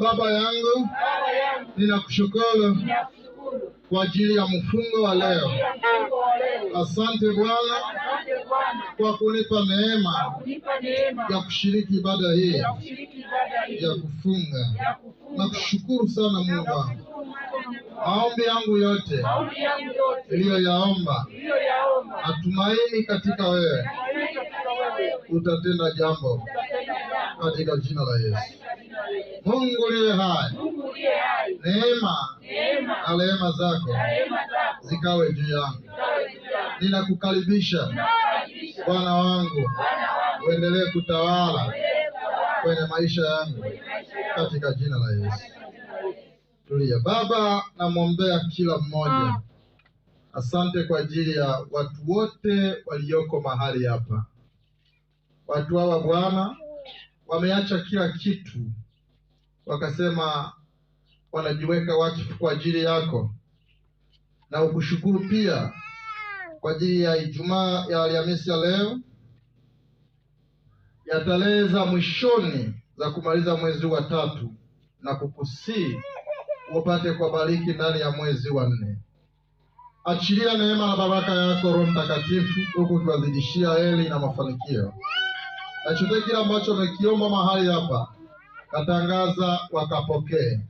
Baba yangu, ninakushukuru kwa ajili ya mfungo wa leo. Asante Bwana kwa kunipa neema ya kushiriki ibada hii ya kufunga. Nakushukuru sana Mungu wangu. Maombi yangu yote iliyoyaomba natumaini katika wewe utatenda jambo katika jina la Yesu. Mungu liwe hai, neema na rehema zako zikawe juu yangu. Ninakukaribisha Bwana wangu, uendelee kutawala kwenye maisha yangu katika jina la Yesu. Tulia Baba, namwombea kila mmoja. Ah. Asante kwa ajili ya watu wote walioko mahali hapa. Watu hawa Bwana wameacha kila kitu wakasema wanajiweka wakfu kwa ajili yako na ukushukuru pia kwa ajili ya Ijumaa ya Alhamisi ya leo ya tarehe za mwishoni za kumaliza mwezi wa tatu na kukusii upate bariki ndani ya mwezi wa nne. Achilia neema na baraka yako Roho Mtakatifu, huku ukiwazidishia heri na mafanikio. Nachote kile ambacho amekiomba mahali hapa katangaza wakapokea.